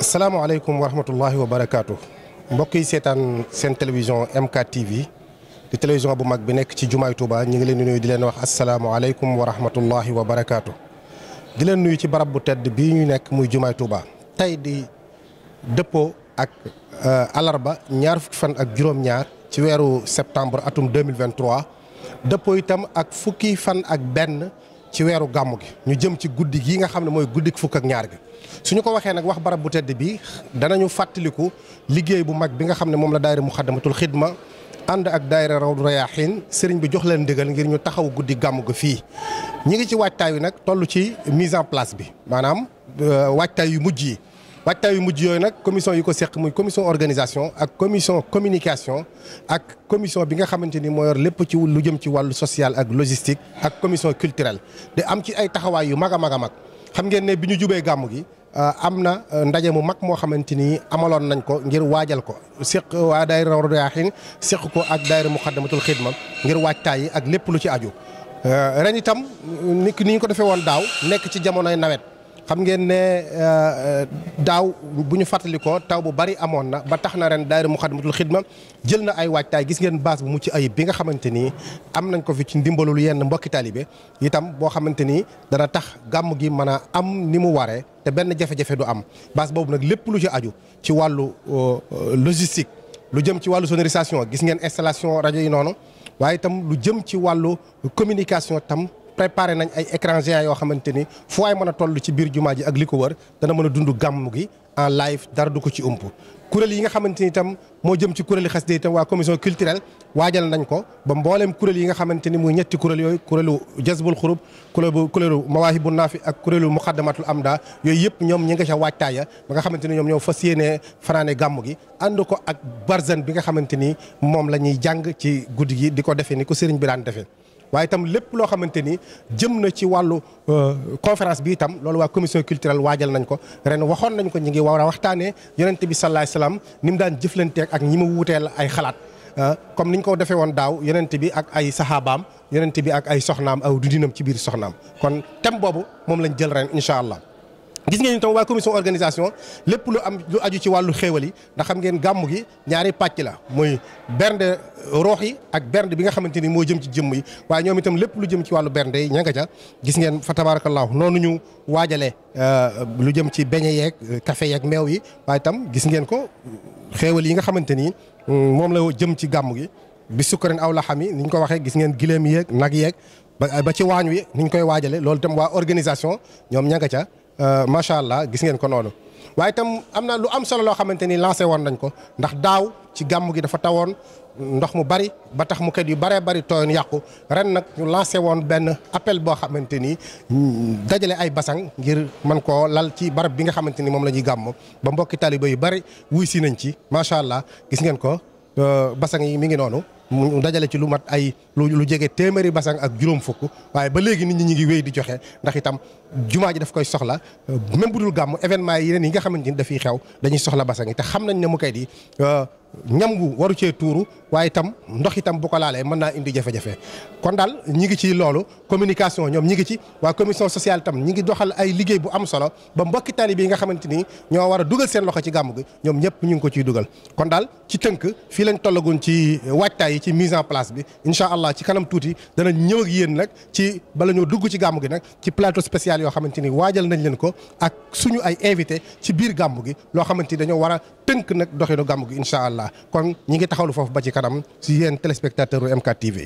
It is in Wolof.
salaamaaleykum wa rahmatullahi wa barakaatu mbokk yi seetaan seen télévision MKTV di télévision bu mag bi nekk ci jumaay Touba ñu ngi leen di nuyu di leen wax asalaamaaleykum wa rahmatullahi wa barakaatu. di leen nuyu ci barab bu tedd bii ñu nekk muy jumaay Touba tey di dëppoo ak alarba euh, ñaar fukki fan ak juróom-ñaar ci weeru septembre atum 2023 dëppoo itam ak fukki fan ak benn. ci weeru gàmmu gi ñu jëm ci guddi gi nga xam ne mooy guddi fukk ak ñaar gi su ñu ko waxee nag wax barab bu tedd bi danañu fàttaliku liggéey bu mag bi nga xam ne moom la daayira muxaddamatul xidma ànd ak raw rawdu rayaaxiin sëriñ bi jox leen ndigal ngir ñu taxaw guddi gàmmu gi fii ñi ngi ci waajtaay wi nag toll ci mise en place bi maanaam euh, waajtaay yu mujj yi waajtaay yu mujj yooyu nag commission yi ko seq muy commission organisation ak commission communication ak commission bi nga xamante ni moo yor lépp ci lu jëm ci wàllu social ak logistique ak commission culturelle te am ci ay taxawaay yu mag a mag a mag xam ngeen ne bi ñu jubee gàmmu gi euh, am na euh, ndaje mu mag moo xamante ni amaloon nañ ko ngir waajal ko seq waa daayira Rawdu Rayaahiin seq ko ak daayira Muxaddamatul Xidma ngir waajtaay yi ak lépp lu ci aju euh, ren itam ni ñu ko defee woon daaw nekk ci jamonoy nawet xam ngeen ne euh, daaw bu ñu fàttalikoo taw bu bari amoon na ba tax na ren daayira Muxaddamatul Xidma jël na ay waajtaay gis ngeen base bu mucc ayib bi nga xamante ni am nañ ko fi ci ndimbalul yenn mbokki taalibe itam boo xamante ni dana tax gàmm gi mën a am ni mu waree te benn jafe-jafe du am base boobu nag lépp lu ci aju ci wàllu euh, logistique lu jëm ci wàllu sonorisation gis ngeen installation rajo yi noonu waaye itam lu jëm ci wàllu communication tam préparé nañ ay écran géant yoo xamante ni fu waay a tollu ci biir jumaa ji ak li ko wër dana mën a dund gàmm gi en live dara du ko ci ump kuréel yi nga xamante ni itam moo jëm ci kuréeli xasida itam waa commission culturelle waajal nañ ko ba mbooleem kuréel yi nga xamante ni muy ñetti kuréel yooyu kuréelu jazbul xurub kuréelu kuréelu mawaahibu naafi ak kuréelu am amda yooyu yëpp ñoom ñi nga ca waajtaaya ba nga xamante ni ñoom ñoo fas yéenee fanaane gàmm gi ànd ko ak barzan bi nga xamante ni moom la ñuy jàng ci guddi gi di ko defee ni ko sëriñ bi daan defee waaye itam lépp loo xamante ni jëm na ci wàllu euh, conférence bi itam loolu waa commission culturel waajal nañ ko ren waxoon nañ ko ñu ngi war a waxtaanee yonent bi salaay salaam ni mu daan jëflanteeg ak ñi mu la ay xalaat. Euh, comme niñ ko defee woon daaw yonent bi ak ay saxaabaam yonent bi ak ay soxnaam aw dundinam ci biir soxnaam kon tem boobu moom lañ jël ren incha allah. gis ngeen itam waa commission organisation lépp lu am lu aju ci wàllu xéewal yi ndax xam ngeen gàmmu gi ñaari pàcc la muy bernde roox yi ak bernde bi nga xamante ni moo jëm ci jëmm yi waaye ñoom itam lépp lu jëm ci wàllu bernde yi ña nga ca gis ngeen fa tabaarakallaahu noonu ñu waajalee euh, lu jëm ci beñe yeeg euh, café yeeg meew yi waaye itam gis ngeen ko xéewal yi nga xamante ni mm, moom la jëm ci gàmm gi bi sukkarin aw la xam yi ni ñu ko waxee gis ngeen gileem yeeg nag yeeg ba ci waañ wi ni ñu koy waajale loolu itam waa organisation ñoom ña nga ca Euh, macha allah gis ngeen ko noonu waaye itam am na lu am solo loo xamante ni lancé woon nañ ko ndax daaw ci gàmm gi dafa tawoon ndox mu bari ba tax mu kat yu baree bari tooyoon yàqu ren nag ñu lancé woon benn appel boo xamante ni mm, dajale ay basang ngir mën koo lal ci barab bi nga xamante ni moom la ñuy gàmm ba mbokki taliba yu bari wuy si nañ ci macha allah gis ngeen ko euh, basang yi mi ngi noonu. mu dajale ci lu mat ay lu lu jege téeméeri basang ak juróom fukk waaye ba léegi nit ñi ñu ngi wéy di joxe ndax itam jumaa ji daf koy soxla même bu dul gàmm événement yi yi nga xamante ni dafiy xew dañuy soxla basang yi te xam nañ ne mu kay di euh, ñam gu waru cee tuuru waaye tam ndox itam bu ko laalee mën naa indi jafe-jafe kon daal ñi ngi ci loolu communication ñoom ñi ngi ci waa commission sociale tam ñi ngi doxal ay liggéey bu am solo ba mbokki taalibe yi nga xamante ni ñoo war a dugal seen loxo ci gàmm gi ñoom ñëpp ñu ngi ko ciy dugal ci tënk ci mise en place bi incha allah ci kanam tuuti dana ñëw ak yéen nag ci bala ñoo dugg ci gàmm gi nag ci plateau spécial yoo xamante ni waajal nañ leen ko ak suñu ay invité ci biir gàmm gi loo xamante ni dañoo war a tënk nag doxinu gàmm gi incha allah kon ñi ngi taxawlu foofu ba ci kanam si yéen téléspectateur u MK TV